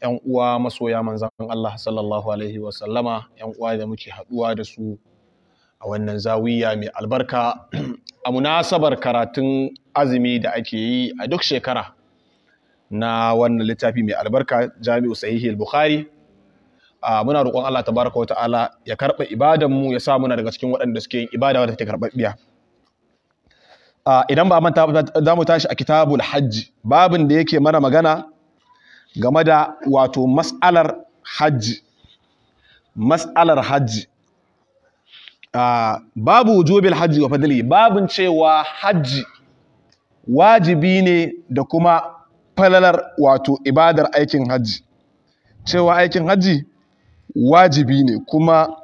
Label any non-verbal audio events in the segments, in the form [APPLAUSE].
'yan uwa masoya manzan Allah sallallahu alaihi wa sallama 'yan uwa da muke haɗuwa da su a wannan zawiya mai albarka [CLEARS THROAT] a munasabar karatun azumi da ake yi a duk shekara na wannan littafi mai albarka jami'u sahihi al-bukhari muna roƙon Allah tabaraka wa ta'ala ya karɓa ibadan mu ya sa muna daga cikin waɗanda suke yin ibada wadda take karɓaɓɓiya idan ba manta za mu tashi a kitabul hajji babin da yake mana magana game da wato mas'alar hajji mas'alar hajji ah, babu wujubil hajji wa fadli babun cewa hajji wajibi ne da kuma falalar wato ibadar aikin hajji cewa aikin hajji wajibi ne kuma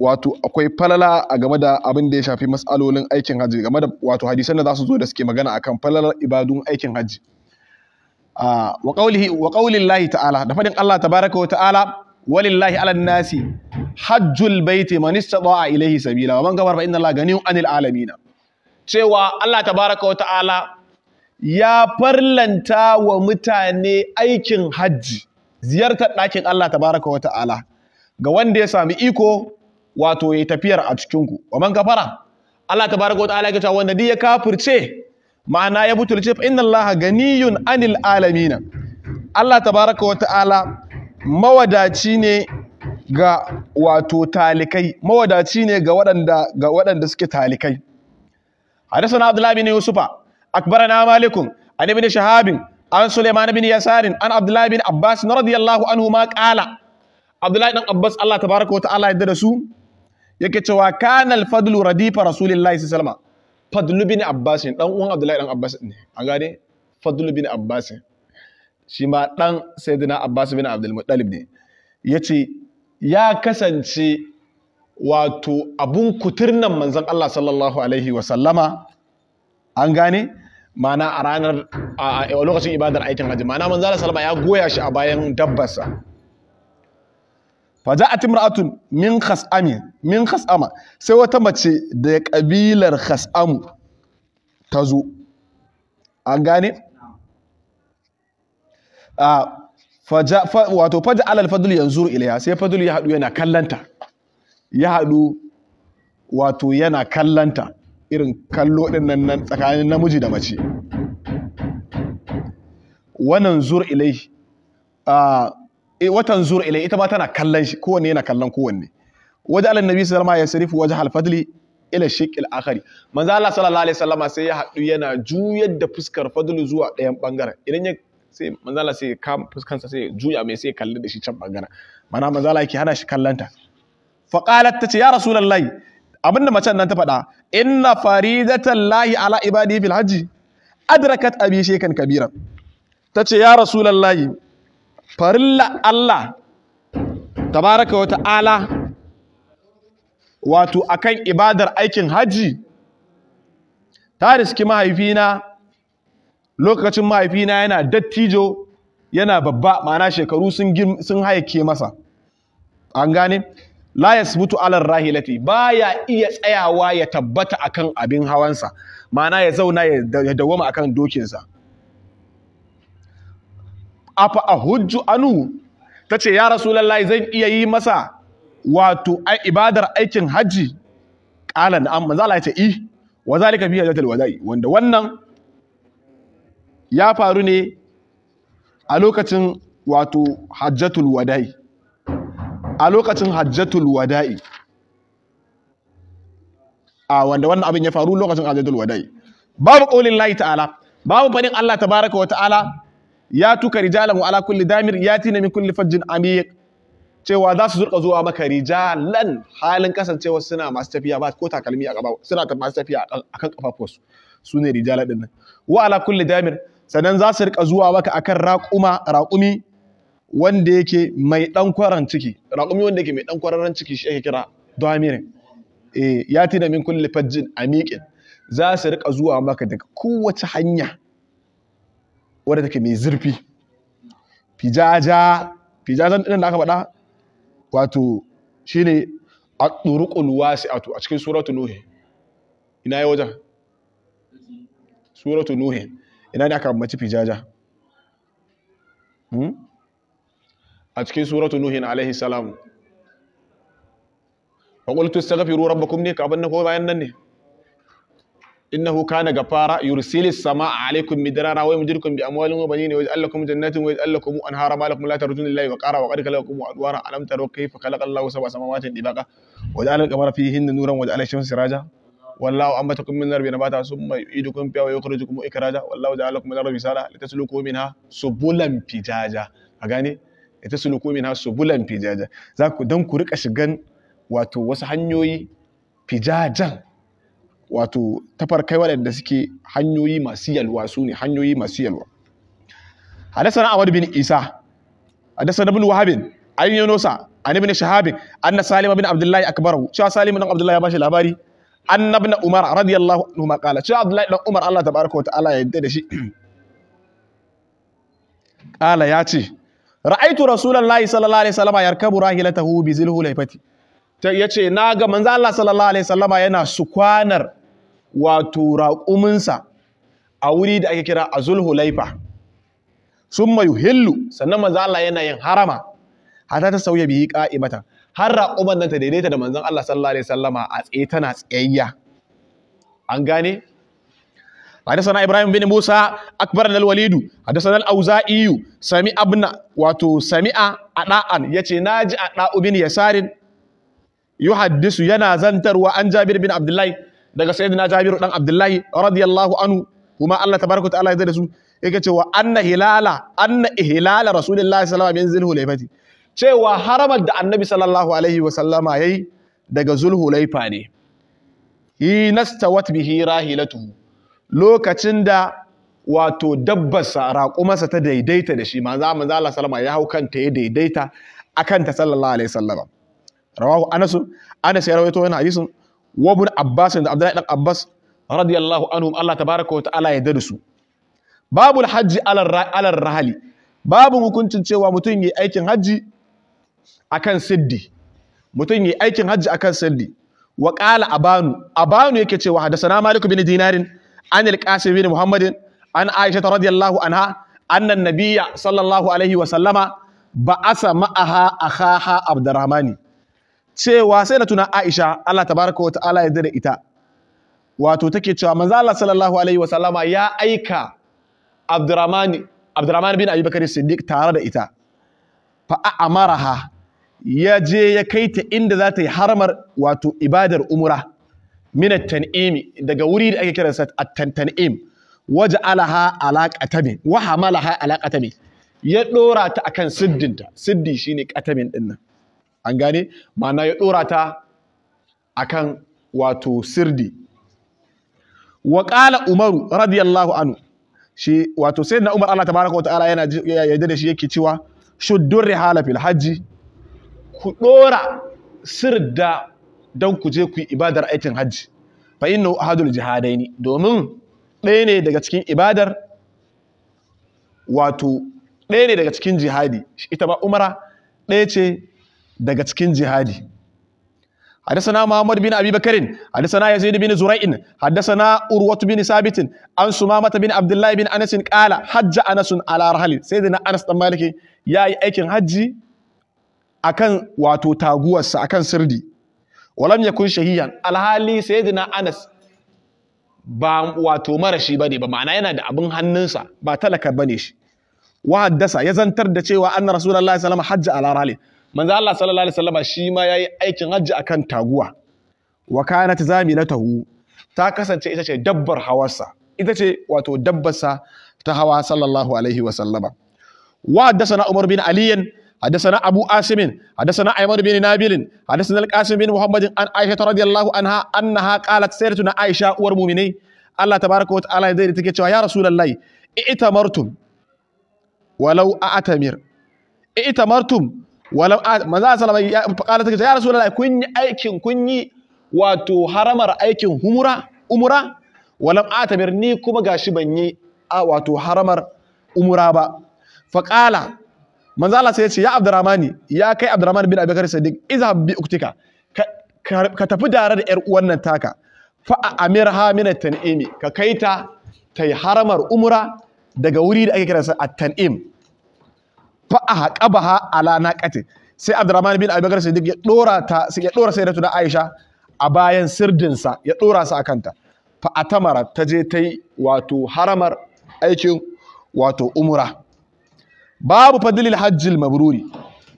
wato akwai falala a game da abin da ya shafi matsalolin aikin hajji game da wato hadisan da za su zo da suke magana akan falalar ibadun aikin hajji Ah, wa qawlihi ta'ala da faɗin Allah baraka wa ta'ala walillahi 'alan nasi hajjul baiti man a ilayhi sabila wa man kafara fa Allah ganiyun 'anil cewa Allah baraka wa ta'ala ya farlanta wa mutane aikin hajji ziyartar ɗakin Allah baraka wa ta'ala ga wanda ya sami iko wato ya tafiyar a cikinku wa man kafara Allah baraka wa ta'ala ya ce wanda duk ya kafirce ma'ana ya butul ce inna Allah ganiyun anil alamina.' Allah tabaraka wa ta'ala mawadaci ne ga wato talikai mawadaci ne ga waɗanda ga waɗanda suke talikai hadisan abdullahi bin yusufa na malikun an ibn shahabin an sulaiman bin yasarin an abdullahi bin abbas radiyallahu anhu ma qala abdullahi dan abbas Allah tabaraka wa ta'ala ya da su yake cewa kana fadlu radifa rasulillahi sallallahu alaihi fadlu bin abbas dan uwan abdullahi dan abbas ne an gane fadlu bin abbas shi ma dan sayyidina abbas bin abdul muttalib ne yace ya kasance wato abun kuturnan manzon Allah sallallahu alaihi wa sallama an gane mana a ranar a lokacin ibadar aikin hajji mana manzon Allah ya goya shi a bayan dabbarsa faja'at imra'atun min khas'ami min khas'ama sai wata mace da kabilar khas'amu ta zo an gane a faja wato faja alal fadl yanzu ilayha sai fadl ya hadu yana kallanta ya hadu wato yana kallanta irin kallo din nan nan tsakanin namiji da mace wannan zur ilai a Eh, watan zur ilai ita ma tana kallon shi kowanne yana kallon kowanne waje alan nabi sallallahu alaihi wasallam yasrifu waje alfadli ila shiqil akhari manzo Allah sallallahu alaihi wasallam sai ya hadu yana juyar da fuskar fadli zuwa ɗayan bangaren idan ya sai manzo Allah sai ya kama fuskansa sai juya mai sai ya kalli da shi can bangaren mana manzo Allah yake hana shi kallanta fa qalat ce ya rasulullahi abinda macen nan ta faɗa inna faridatan lahi ala ibadi fil hajji adrakat abi shekan kabira tace ya rasulullahi farilla Allah tabaraka wa ta'ala wato akan ibadar aikin haji ta riski mahaifina lokacin mahaifina yana dattijo yana babba ma'ana shekaru sun sun haike masa an gane la yasbutu ala rahilati baya iya tsayawa ya tabbata akan abin hawansa ma'ana ya zauna ya dawama akan dokinsa afa hujju anu ta ce ya lallai zan iya yi masa wato ai ibadar aikin haji qala na'am manzo Allah ce i wa zalika fi hajjatul wada'i wanda wannan ya faru ne a lokacin wato hajjatul wada'i a lokacin hajjatul wada'i a wanda wannan abin ya faru lokacin hajjatul wada'i babu qaulin lahi ta'ala babu fadin Allah baraka wa ta'ala ya tuka rijalan wa ala kulli damir tina min kulli fajjin amiq cewa za su zurka zuwa maka rijalan halin kasancewa suna masu tafiya ba ko takalmi a gaba suna masu tafiya akan kafafuwarsu su ne rijalan din nan wa ala kulli damir sannan za su rika zuwa maka akan raƙuma raƙumi wanda yake mai dan kwaran ciki raƙumi wanda yake mai dan kwararan ciki shi ake kira damir eh tina min kulli fajjin amiq za su rika zuwa maka daga kowace hanya wadda take mai zurfi fijaja fijajan din da aka faɗa wato shine at-turuqul wasi'atu a cikin suratu nuh ina yi wajen suratu nuh ina ne aka mace fijaja hmm? a cikin suratu nuh alaihi salam wa qultu astaghfiru rabbakum ne ka abin nan ko bayan nan ne innahu kana gafara yursilis samaa alaikum midrara wa yumdidukum bi amwalin wa banin wa yaj'al lakum jannatin wa yaj'al lakum anhara ma lakum la tarjun lillahi wa qara wa qad khalaqakum adwara alam taru kayfa khalaqa Allahu sab'a samawati dibaqa wa ja'ala al-qamara fihinna nuran wa ja'ala ash-shamsa siraja wallahu anbatakum min al-ardi nabata thumma yu'idukum fiha wa yukhrijukum ikraja wallahu ja'ala lakum min al-ardi bisala litasluku minha a gane litasluku minha dan ku rika shigan wato wasu hanyoyi fijajan wato tafarkai waɗanda suke hanyoyi masu yalwa su ne hanyoyi masu yalwa hadasana awad bin Isa hadasana Ibn wahabin an yi nosa an ibn an na salima bin Abdullahi akbar cewa salima bin Abdullahi ya bashi labari An na bin Umar radiyallahu anhu ma qala cewa Abdullahi dan Umar Allah ta tabaraka wa ta'ala ya yadda da shi [CLEARS THROAT] qala ya ce ra'aitu rasulullahi sallallahu alaihi wasallam yarkabu rahilatahu bi zilhulaifati ta yace ga manzo Allah sallallahu alaihi wasallama yana sukwanar wato raƙuminsa a wuri da ake kira azul hulaifa sun mayu hillu sannan manzan Allah yin harama hata ta sauya biyi mata. har raƙuman nan ta daidaita da manzan Allah sallallahu alaihi sallama a tsaye tana tsayayya an gane حدثنا ابراهيم بن موسى اكبرنا الوليد حدثنا الاوزاعي سمع ابن واتو سمع اداء يتي ناجي اداء بن يسار يحدث ينا زنتر وان جابر بن عبد الله daga sayyidina jabiru dan abdullahi radiyallahu anhu kuma Allah tabaraka ta'ala ya da su yake cewa anna hilala anna ihlala rasulullahi sallallahu alaihi wasallam min cewa haramar da annabi sallallahu alaihi wasallama yayi daga zulhulaifa ne hinastawat bihi rahilatuhu lokacin da wato dabbarsa raƙumarsa ta daidaita da shi manzo manzo Allah sallama ya hau kanta ya daidaita akan ta sallallahu alaihi wasallam rawahu anas anas ya rawaito wannan hadisin wa ibn Abbas da Abdullahi dan Abbas radiyallahu anhum Allah tabaraka wa ta'ala ya darisu babul hajji ala rahali babu hukuncin cewa mutum yi aikin hajji akan siddi mutum yi aikin haji akan siddi wa qala abanu abanu yake cewa hadathana malik bin dinarin an al-qasim bin muhammadin an aisha radiyallahu anha anna an-nabiyya sallallahu alaihi wa sallama ba'asa ma'aha akhaha abdurrahmani cewa sai na tuna Aisha Allah tabaraka wa ta'ala ya da ita wato take cewa manzo Allah sallallahu alaihi wa sallama ya aika Abdurrahman bin Abi Bakar Siddiq tare da ita fa amaraha ya je ya kai ta inda za ta yi harmar wato ibadar umra min at daga wuri da ake kiransa at-tan'im waje ala qatamin wa hamalaha ala ya dora ta akan siddinta siddi shine qatamin dinnan an gane ma'ana ya ɗora ta akan wato sirdi wa qala umaru radiyallahu anhu shi wato sai na umar Allah tabaraka wa ta'ala yana yadda da shi yake cewa shuddur rihala fil hajji ku dora sirda don ku je ku yi ibadar aikin hajji fa innahu ahadul jihadaini domin ɗaya ne daga cikin ibadar wato ɗaya ne daga cikin jihadi ita ba umara ɗaya ce daga cikin jihadi حدثنا محمد بن ابي بكر حدثنا يزيد بن زريع حدثنا اروه بن ثابت عن سمامه بن عبد الله بن انس قال حج انس على رحل سيدنا انس بن مالك yayi aikin hajji akan wato taguwarsa akan sirdi walam yakun shahiyan alhali sayyidina anas ba wato marashi bane ba ma'ana yana da abin hannunsa ba talaka bane shi wa haddasa ya zantar da cewa anna rasulullahi sallallahu alaihi wasallam hajja ala manzo Allah sallallahu alaihi wasallama shi ma yayi aikin hajji akan taguwa wa kanat zaminatahu ta kasance ita ce dabbar hawarsa ita ce wato dabbarsa ta hawa sallallahu alaihi wasallama wa haddathana Umar bin Ali حدثنا أبو آسم حدثنا أيمن بن نابل حدثنا القاسم بن محمد Aisha عائشة رضي الله عنها أنها قالت سيرتنا عائشة والمؤمنين الله تبارك وتعالى يدير تكتشوا يا رسول الله ائتمرتم ولو أعتمر ائتمرتم walau manzo sallama ya faqala take ya rasulullahi kun yi aikin kun yi wato haramar aikin humura umura walam atamir ni kuma gashi ban yi wato haramar umura ba faqala manzo Allah sai ya ce ya Abdurrahmani ya kai Abdurrahman bin Abubakar Siddiq izhab bi uktika ka tafi dare da yar uwan nan taka fa amirha min at-tan'imi ka kaita tai haramar umura daga wuri da ake kiransa at-tan'im fa a ala naqati sai Abdurrahman bin Abi Bakar Siddiq ya dora ta sai ya dora sayyidatu da Aisha a bayan sirdinsa ya dora sa akanta fa atamara ta je tai wato haramar aikin wato umra babu fadlil hajjil mabruri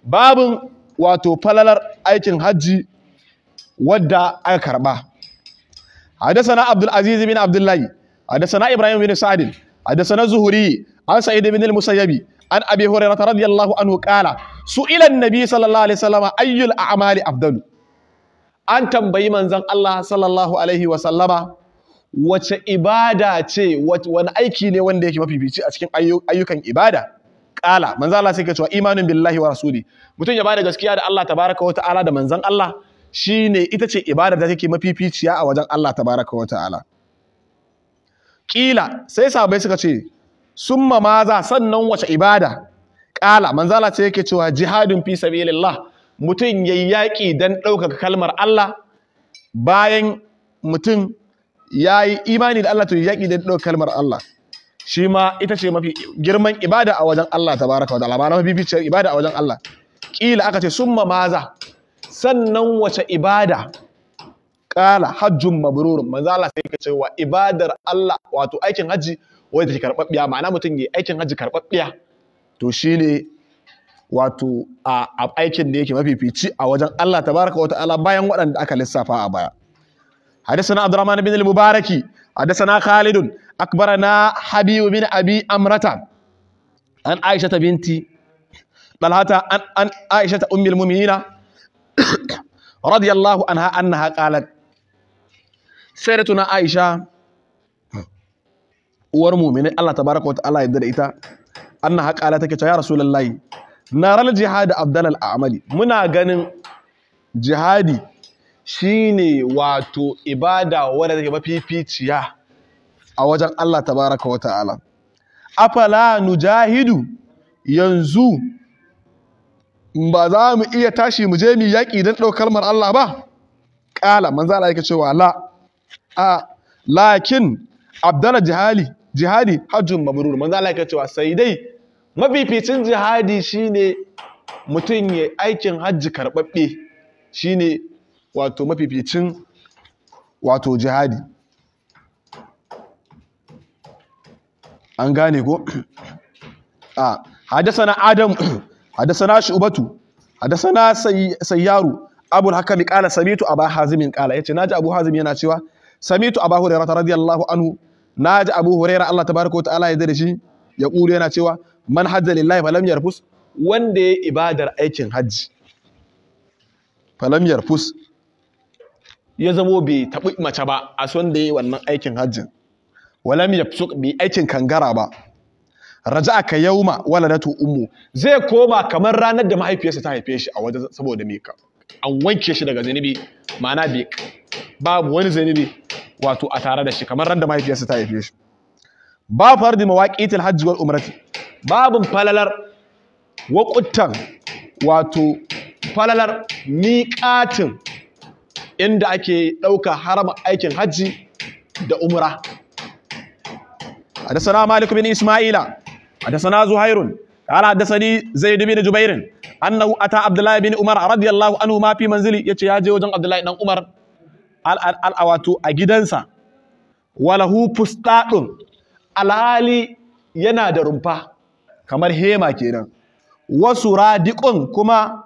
babun wato falalar aikin hajji wadda aka karba حدثنا عبد العزيز بن عبد الله حدثنا ابراهيم بن سعد حدثنا زهري عن سعيد بن المسيب an abi hurairah radiyallahu anhu kala Su an-nabi sallallahu alaihi wasallam ayyul a'mali afdalu an tambayi manzan Allah sallallahu alaihi wasallama wace ibada ce wani aiki ne wanda yake mafifici a cikin ayyukan ibada kala manzon Allah sai ka cewa imanin billahi wa rasuli mutum ya bada gaskiya da Allah tabaraka wa ta'ala da manzon Allah shine ita ce ibada da take mafificiya a wajen Allah tabaraka wa ta'ala kila sai sabai suka ce summa maza sannan wace ibada ƙala manzala ce yake cewa jihadin fi sabilillah mutum yi yaƙi dan ɗaukaka kalmar Allah bayan mutum yayi imani da Allah to yaƙi dan ɗaukaka kalmar Allah shi ma ita ce mafi girman ibada a wajen Allah tabaraka wa ta'ala na mafi biciyar ibada a wajen Allah ƙila aka ce summa maza sannan wace ibada ƙala hajjun mabrurun manzala sai yake cewa ibadar Allah wato aikin hajji wadda take karɓaɓɓiya ma'ana mutum ya aikin hajji karɓaɓɓiya to shine wato a aikin da yake mafifici a wajen Allah ta tabaraka wa ta-ala bayan waɗanda aka lissafa a baya حدثنا عبد الرحمن بن المبارك حدثنا خالد bin حبيب بن أبي أمرة عن عائشة بنتي طلحة عن, عن عائشة المؤمنين رضي الله عنها Sai قالت سيرتنا Aisha. uwar mu'mini Allah tabaraka wa ta'ala yadda da ita annaha qala take cewa ya rasulullahi naral jihad abdal amali muna ganin jihadi shine wato ibada wanda take mafificiya a wajen Allah tabaraka wa ta'ala afala nujahidu yanzu ba za mu iya tashi mu je mu yaƙi don ɗaukar kalmar Allah ba ƙala manzo Allah yake cewa la a lakin abdal jihali jihadi hajjun mabrur manzo Allah yake cewa sai dai mafificin jihadi shine mutum ya aikin hajji karbabbe shine wato mafificin wato jihadi an gane ko a hadasana adam [CLEARS THROAT] hadasana shubatu hadasana sayyaru abu hakami qala samitu aba hazim qala yace naji abu hazim yana cewa samitu abu hurairah radiyallahu anhu na ji abu huraira Allah tabaraka wa ta'ala ya da shi ya kulu yana cewa man hajja lillahi falam yarfus wanda ya ibadar aikin hajji falam yarfus ya zamo bai taɓi mace ba a son da ya yi wannan aikin hajjin walam yafsuk bai aikin kangara ba raja'a ka yauma waladatu ummu zai koma kamar ranar da mahaifiyarsa ta haife shi a waje saboda me ka an wanke shi daga zanibi ma'ana babu wani zanibi. wato a tare da shi kamar randa mai fiye su ta haife shi ba fardin mawaƙitin hajji wal umrati babun falalar waƙutan wato falalar miƙacin inda ake ɗauka haram aikin hajji da umra a da sana bin ismaila da sana zuhairun ana da sani zai dubi da jubairun annahu a ta abdullahi bin umar a radiyallahu anu mafi manzili ya ce ya je wajen abdullahi dan umar wato a gidansa walahu fustadun alhali yana da rumfa kamar hema kenan wasu radikun kuma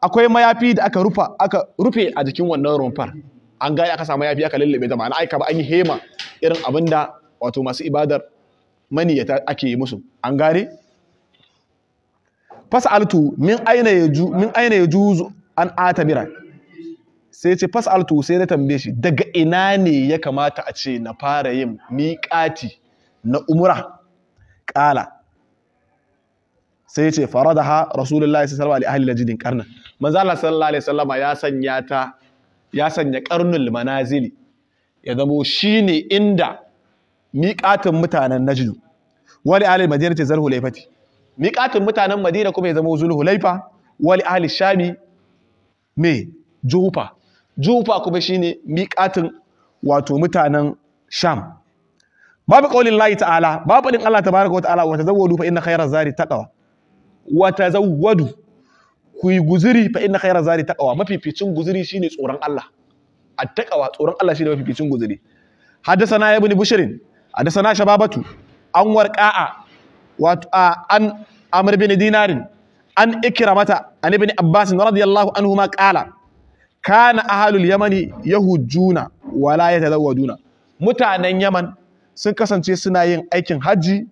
akwai mayafi da aka rufe a jikin wannan rumfar an gaya aka samu mayafi aka lallabe da ma'ana ka ba an yi hema irin abinda wato masu ibadar ya ake yi musu an gare? fasaltu min aina yaju min aina an atamira. sai ce fas fas'altu sai na tambaye shi daga ina ne ya kamata a ce na fara yin miƙati na umura ƙala sai ce ha rasulullah ya alaihi wasallam li jidin qarna manzo Allah sallallahu alaihi wasallama ya sanya ta ya sanya karnul manazili ya zamo shine inda miƙatin mutanen Najd wali ahli madinati laifati. miƙatin mutanen Madina kuma ya zamo laifa? wali ahli shami me jufa jufa kuma shine miƙatin wato mutanen sham babu qaulin lahi ta'ala babu din Allah tabaraka wa ta'ala wa tazawwadu fa inna khayra zari taqwa wa tazawwadu ku yi guziri fa inna khayra zari taqwa mafificin shi shine tsoron Allah at-taqwa tsoron Allah shine mafificin guzuri hadathana ibn bushrin hadathana shababatu an warƙa'a. wato an amr bin dinarin an ikramata an ibn abbas radiyallahu anhuma qala kana ahalul yamani yahujjuna wala yatazawwaduna mutanen yaman sun kasance suna yin aikin haji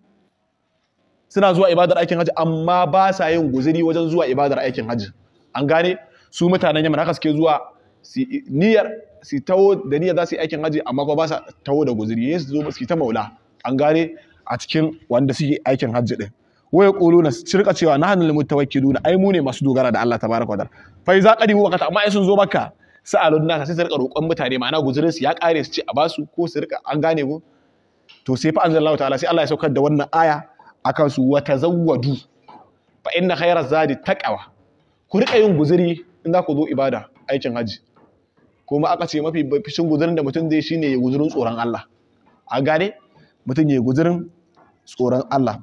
suna zuwa ibadar aikin haji amma ba sa yin guzuri wajen zuwa ibadar aikin haji an gane su mutanen yaman haka suke zuwa su niyyar su tawo da niyar za su yi aikin haji amma kuma ba sa tawo da guzuri yin su zo su ta maula an gane a cikin wanda suke aikin haji din waya kuluna su cirka cewa nahnu mutawakkiluna ai mu ne masu dogara da Allah tabaraka wa Fai za ƙari qadimu waqata amma in sun zo maka sa'alun nasa sai su rika roƙon mutane ma'ana guzurin su ya ƙare su ce a basu ko su rika an gane ko to sai fa anzalallahu ta'ala sai Allah ya saukar da wannan aya akan su wa tazawwadu fa inna khayra zadi taqwa ku rika yin guzuri in za ku zo ibada aikin haji kuma aka ce mafi fishin guzurin da mutum zai shine ya guzurin tsoron Allah a gane mutum ya guzurin tsoron Allah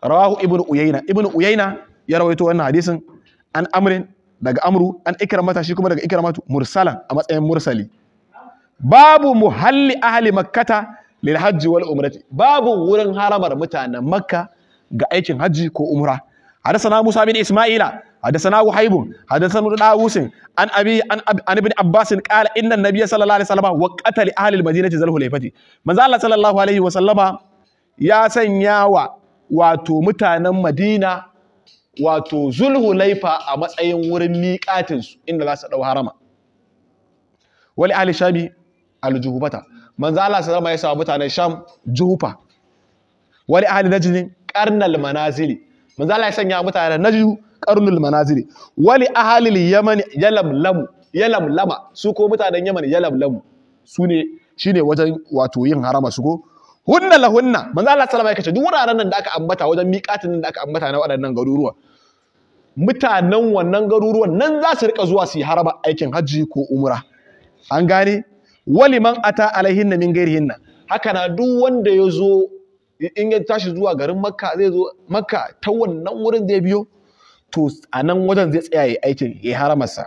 rawahu ibnu uyayna ibnu uyayna ya rawaito wannan hadisin an amrin daga amru an ikramata shi kuma daga ikramatu Mursala a matsayin mursali babu muhalli ahli makkata lil hajji wal umrati babu wurin haramar mutanen makka ga aikin hajji ko umra حدثنا موسى بن اسماعيل حدثنا وهيب حدثنا داووس عن an عن an ابن عباس قال ان النبي صلى الله wa وسلم وقت لاهل المدينه ذل حليفه manzo Allah sallallahu alaihi wasallama ya wa wato mutanen Madina wato zulhulaifa a matsayin wurin miƙatinsu inda za su ɗau harama wali ali shami aljuhubata manzo Allah zama ya sa mutanen sham juhufa wali ali jini qarnal manazili manzo Allah ya sanya mutanen najdu qarnul manazili wali ahli yaman yalamlama su ko mutanen yaman yalamlam su ne shine wajen wato yin harama su ko hunna la hunna manzo Allah wasallam ya kace duk wuraren nan da aka ambata wajen miƙatin nan da aka ambata na waɗannan garuruwa mutanen wannan garuruwan nan za su rika zuwa su yi haraba aikin hajji ko umra an gane waliman ata alaihinna min gairihinna haka na duk wanda ya zo in ya tashi zuwa garin makka zai zo makka ta wannan wurin zai biyo to a nan wajen zai tsaya yayi aikin ya haramarsa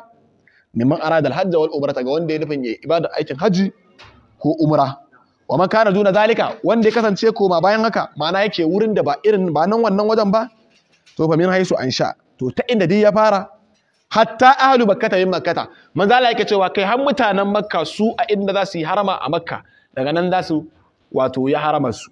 mimman arada alhajja wal umrata ga wanda ya nufin ya ibada aikin haji ko umra wa man kana duna zalika wanda ya kasance koma bayan haka ma'ana yake wurin da ba irin ba nan wannan wajen ba to fa min haisu ansha to ta inda dai ya fara hatta ahlu makkata min makkata manzo Allah yake cewa kai har mutanen makka su a inda za su yi harama a makka daga nan za su wato ya harama su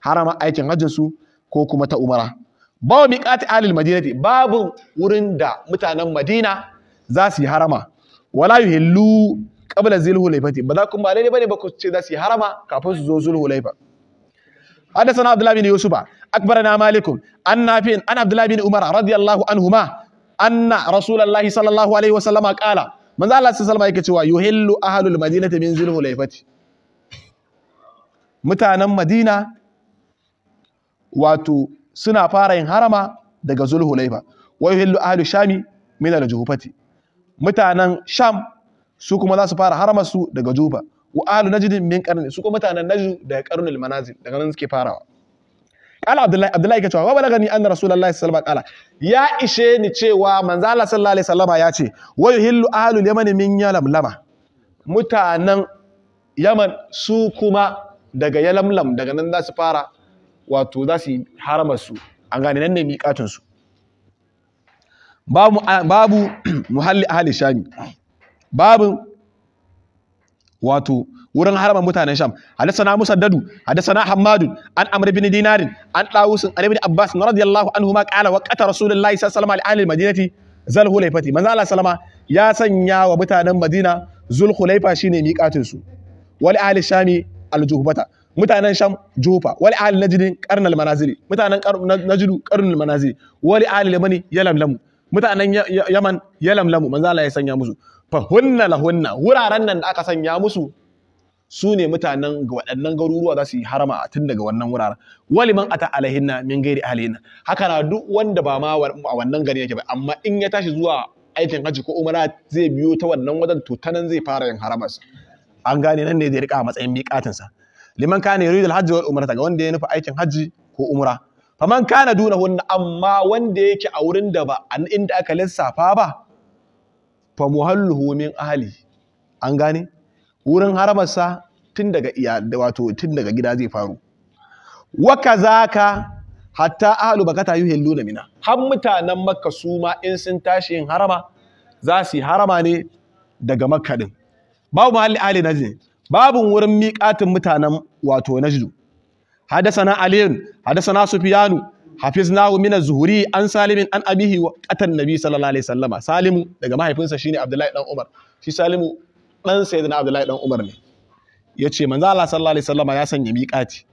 harama aikin hajjin su ko kuma ta umara babu miqati ahlil madinati babu wurin da mutanen madina za su yi harama wala yuhillu qabla zulhulaifati ba za ku ba daidai bane ba ku ce za su yi harama kafin su zo zulhulaifa حدثنا عبد الله بن يوسف اخبرنا مالك عن نافع عن عبد الله بن عمر رضي الله عنهما ان رسول الله صلى الله عليه وسلم قال من ذا الله سلم yake cewa yuhillu ahlul madinati min zulhulaifati mutanen madina wato suna fara yin harama daga zulhulaifa wa yuhillu ahlul shami min aljuhufati mutanen sham su kuma za su fara harama su daga juba. wa ahlu najd min qarni su kuma mutanen najd daga qarnul manazil daga nan suke farawa qala abdullahi abdullahi kace wa balagani anna rasulullahi sallallahu alaihi wasallam ya ishe ni cewa manzo Allah sallallahu alaihi wasallam ya ce wa yuhillu ahlu yaman min yalamlama mutanen yaman su kuma daga yalamlam daga nan za su fara wato za su harama su an gane nan ne miƙatun su babu babu muhalli ahli shami babin wato wurin harba mutanen sham hadasana musaddadu hadasana hammadun an amri bin dinarin an dawusin an ibn abbas radiyallahu anhu ma qala qata rasulullahi sallallahu alaihi wasallam ali madinati zal hulaifati manzo Allah sallama ya sanya wa mutanen madina zul hulaifa shine miqatin su wal ali shami al juhbata mutanen sham jufa wal Ali najd al manazili mutanen najd al manazili wal ali yamani yalamlamu mutanen yaman yalamlamu manzo Allah ya sanya musu fahunna lahunna wuraren nan da aka sanya musu su ne mutanen ga waɗannan garuruwa za su yi harama tun daga wannan wuraren waliman ata alaihinna min gairi alaihinna haka na duk wanda ba ma a wannan gari yake ba amma in ya tashi zuwa aikin hajji ko umara zai biyo ta wannan wajen to ta nan zai fara yin haramas. an gane nan ne zai rika a matsayin sa. liman kana yuridu alhajji wal umrata ga wanda ya nufi aikin hajji ko Fa faman kana hunna. amma wanda yake a wurin da ba an inda aka lissafa ba fa min ahali an gane wurin haramarsa tun daga iya wato tun daga gida zai faru wa kazaka hatta ahlu bakata na mina har mutanen makka su ma in sun tashi yin harama za su yi harama ne daga makka din babu mahalli na najd babu wurin miƙatin mutanen wato najdu Aliyu, hadasa na Sufiyanu. hafiznahu min az-zuhri an salimin an abihi wa nabi sallallahu alaihi wasallama salimu daga mahaifinsa shine abdullahi dan umar shi salimu dan sayyidina abdullahi dan umar ne yace manzo Allah sallallahu alaihi wasallama ya sanya miqati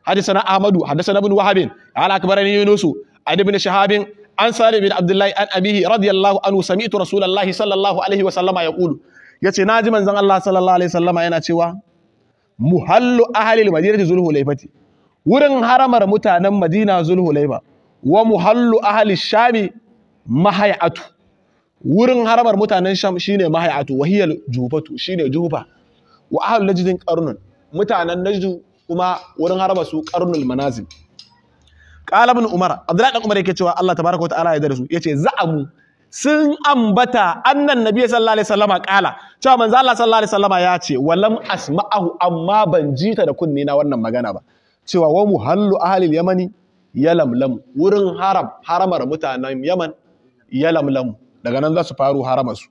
حدثنا أحمد حدثنا ابن وهب قال أخبرني يونس عن ابن شهاب عن سالم بن عبد الله عن أبيه رضي الله عنه سمعت رسول الله صلى الله عليه وسلم يقول yace naji manzon Allah sallallahu alaihi wasallama yana cewa muhallu ahli al-madinati zulhu laifati wurin haramar mutanen Madina Zulhulaiba wa muhallu ahli shami mahayatu wurin haramar mutanen sham shine mahayatu wa hiya jufatu shine jufa wa ahli najdin qarnun mutanen najd kuma wurin haramar su qarnul manazil qala ibn umar abdullahi ibn umar yake cewa Allah tabaaraka wa ta'ala ya darasu yace za'amu sun ambata annan nabi sallallahu alaihi wasallama kala cewa manzo Allah sallallahu alaihi wasallama ya ce walam asma'ahu amma ban jita da kunni na wannan magana ba cewa wa muhallu ahlil yamani yalamlamu wurin haram haramar mutanen yaman lamlamu. daga nan za su faru haramar su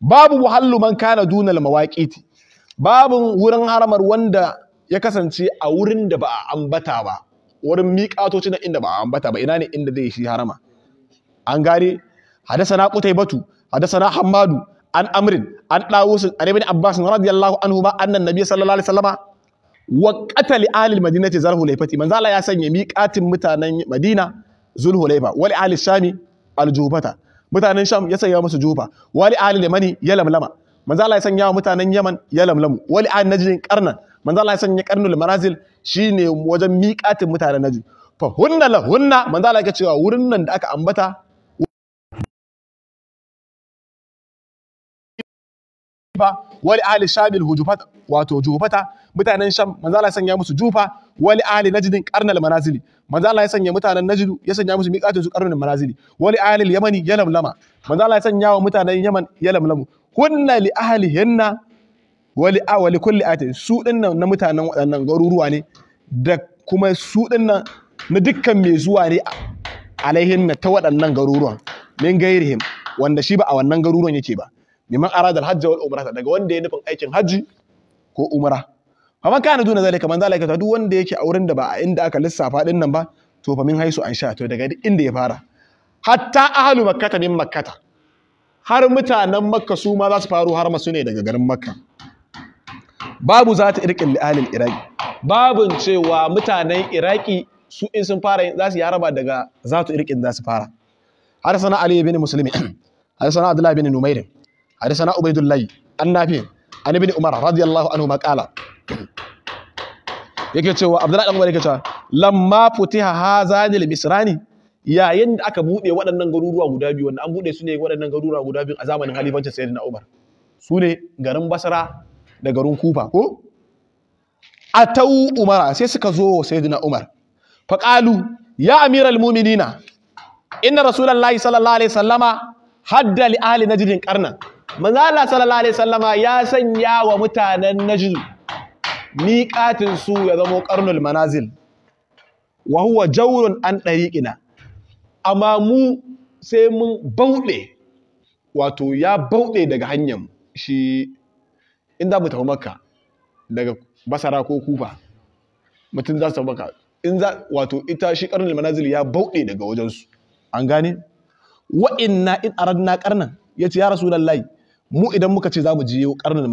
babu muhallu man kana dunal mawaqiti babu wurin haramar wanda ya kasance a wurin da ba a ambata ba wurin miƙatoci na inda ba a ambata ba ina ne inda zai shi harama an gane hadasana qutaybatu hadasana hammadu an amrin an dawus an ibn abbas radiyallahu anhu ba annan sallallahu alaihi wasallama wa qatali ahli madinati zul hulaifati manzo Allah ya sanya miqatin mutanen Madina Zulhu laifa, wal ali shami al jubata mutanen sham ya sanya musu juba wal ahli yamani ya lamlama manzo Allah ya sanya wa mutanen yaman ya lamlamu wal ali najdin qarnan manzo Allah ya sanya qarnul manazil shine wajen miqatin mutanen najd fa hunna la hunna manzo Allah ya cewa wurin nan da aka ambata ba wali ahli shabil hujufata wato jufata mutanen sham manzo Allah ya sanya musu jufa wali ahli najdin qarnal manazili manzo Allah ya sanya mutanen najdu ya sanya musu miqatin su qarnal manazili wali ahli yamani yalamlama manzo Allah ya sanya wa mutanen yaman yalamlamu kunna li ahli hinna wali awali kulli atin su dinnan na mutanen wadannan garuruwa ne da kuma su dinnan na dukkan mai zuwa ne alaihinna ta waɗannan garuruwan min gairihim wanda shi ba a wannan garuruwan yake ba liman arada al-hajj wal umrah daga wanda ya nufin aikin haji ko umrah fa man kana duna zalika man zalika duk wanda yake a wurin da ba a inda aka lissafa din nan ba to fa min haisu ansha. to daga inda ya fara hatta ahlu makkata min makkata har mutanen makka su ma za su faru har masu ne daga garin makka babu za ta irkin li'alil iraki babun cewa mutanen iraki su in sun fara za su yaraba daga za ta irkin za su fara har sana ali bin musulmi [CLEARS THROAT] har sana abdullahi bin numairin حدثنا عبيد الله النافع عن ابن عمر رضي الله عنهما قال yake cewa Abdullahi dan Umar yake cewa lamma futiha hazanil misrani yayin da aka bude waɗannan garuruwa guda biyu wanda an bude su ne waɗannan garuruwa guda biyu a zamanin halifancin Sayyidina Umar su ne garin Basra da garin Kufa ko atau Umar sai suka zo Sayyidina Umar faqalu ya amiral mu'minina inna rasulullahi sallallahu alaihi wasallama hadda li ahli najdin qarnan manzo Allah sallallahu alaihi wasallama ya sanya wa mutanen najd miqatin su ya zamo qarnul manazil wa huwa jawrun an dariqina amma mu sai mun bauɗe wato ya bauɗe daga hanyar shi in za mu tafi maka daga basara ko kufa mutum za su tafi maka in za wato ita shi karnin manazil ya bauɗe daga wajensu an gane inna in aradna qarnan ya ya rasu mu idan muka ce za mu je karnin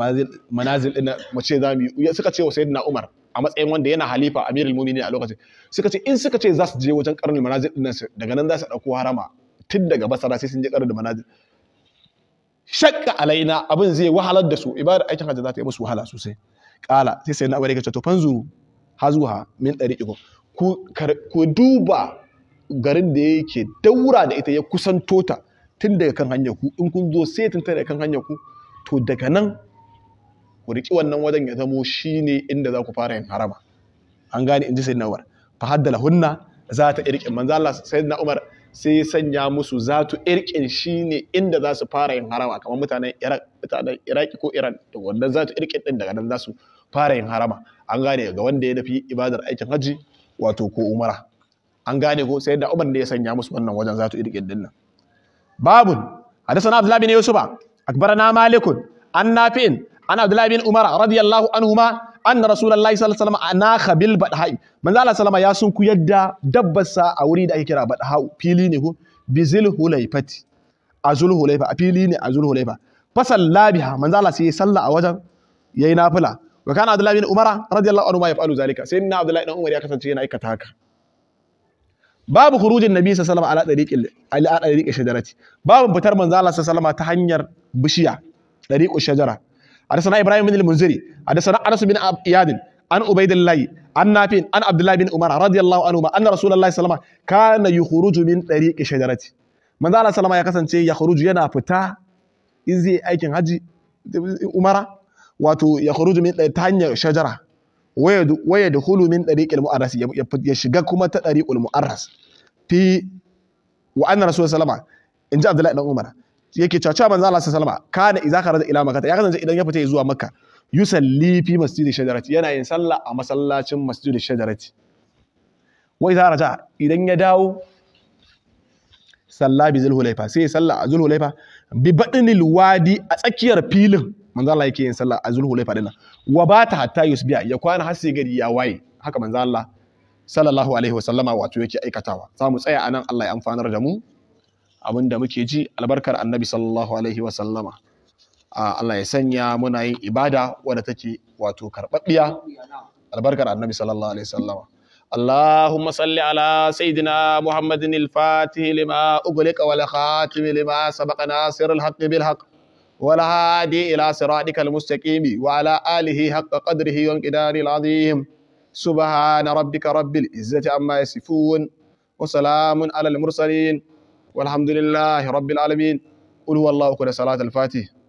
manazil din mu ce za mu yi suka ce wa sayyidina Umar a matsayin wanda yana halifa amirul mu'minin a lokacin suka ce in suka ce za su je wajen karnin manazil din nan daga nan za su dauko harama tun daga basara sai sun je karnin manazil shakka alaina abin zai wahalar da su ibada aikin hajji za ta yi musu wahala sosai kala sai sayyidina Umar ya ce to fanzu hazuha min ɗari ku ku duba garin da yake daura da ita ya kusantota. ta tun daga kan hanyar ku in kun zo sai tun tare kan hanyar ku to daga nan ku riƙi wannan wajen ya zamo shine inda za ku fara yin harama an gane in ji sayyidina Umar fa haddala hunna za ta irkin manzo Allah sayyidina Umar sai sanya musu zatu irkin shine inda za su fara yin harama kamar mutanen Iraq mutanen Iraki ko Iran to wannan zatu irkin din daga nan za su fara yin harama an gane ga wanda ya dafi ibadar aikin haji wato ko umara an gane ko sayyidina Umar ne ya sanya musu wannan wajen zatu irkin din nan باب حدثنا عبد الله بن يوسف اكبرنا مالك عن نافع عن عبد الله بن عمر رضي الله عنهما ان رسول الله صلى الله عليه وسلم اناخ بالبدحاء من الله صلى الله عليه وسلم يا سنكو يدا دبسا اوري da ake kira badha fili ne ko bizil hulaifati azul hulaifa fili ne azul hulaifa fasalla biha man zala sai salla a wajen yayi nafila wa kana abdullahi bin umara radiyallahu anhu ma yafalu zalika sai inna abdullahi bin umara ya kasance yana aikata haka babu khurujin nabi sallallahu alaihi wasallam ala dariqil ala dariqil shajarati babu fitar manzo Allah sallallahu alaihi ta hanyar bishiya dariqul shajara hadathana ibrahim bin al-munziri hadathana anas bin iyad an ubaidillah an nafi an abdullah bin umar radiyallahu anhu anna rasulullahi sallallahu alaihi wasallam kana yukhruju min dariqil shajarati manzo Allah sallallahu alaihi wasallam ya kasance ya khuruju yana fita in zai aikin haji umara wato ya khuruju min ta hanyar shajara waya da hulu min ɗariƙil mu'arras ya shiga kuma ta ɗari ɗariƙul mu'arras fi wa anna salama. in ji abdullahi ɗan umar yake cewa cewa manzo Allah salama. kana ka raza ila makka ya kasance idan ya fita zuwa makka yusalli fi masjidi shajarati yana yin sallah a masallacin masjidi shajarati wa idza raja idan ya dawo salla bi zulhulaifa sai sallah a zulhulaifa bi badinil wadi a tsakiyar filin manzo Allah yake yin sallah a zulhulaifa dinnan wa bata hatta yusbiya ya kwana har sai gari ya waye haka manzo Allah sallallahu alaihi wasallama wato yake aikatawa za mu tsaya anan Allah ya amfanar da mu abinda muke ji albarkar annabi sallallahu alaihi wasallama Allah ya sanya muna yin ibada wadda take wato karɓaɓɓiya albarkar annabi sallallahu alaihi wasallama اللهم صل على سيدنا محمد الفاتح لما أغلق والخاتم لما سبق ناصر الحق بالحق والهادي إلى صراطك المستقيم وعلى آله حق قدره وانقدار العظيم سبحان ربك رب العزة عما يصفون وسلام على المرسلين والحمد لله رب العالمين قل هو الله كل صلاة الفاتح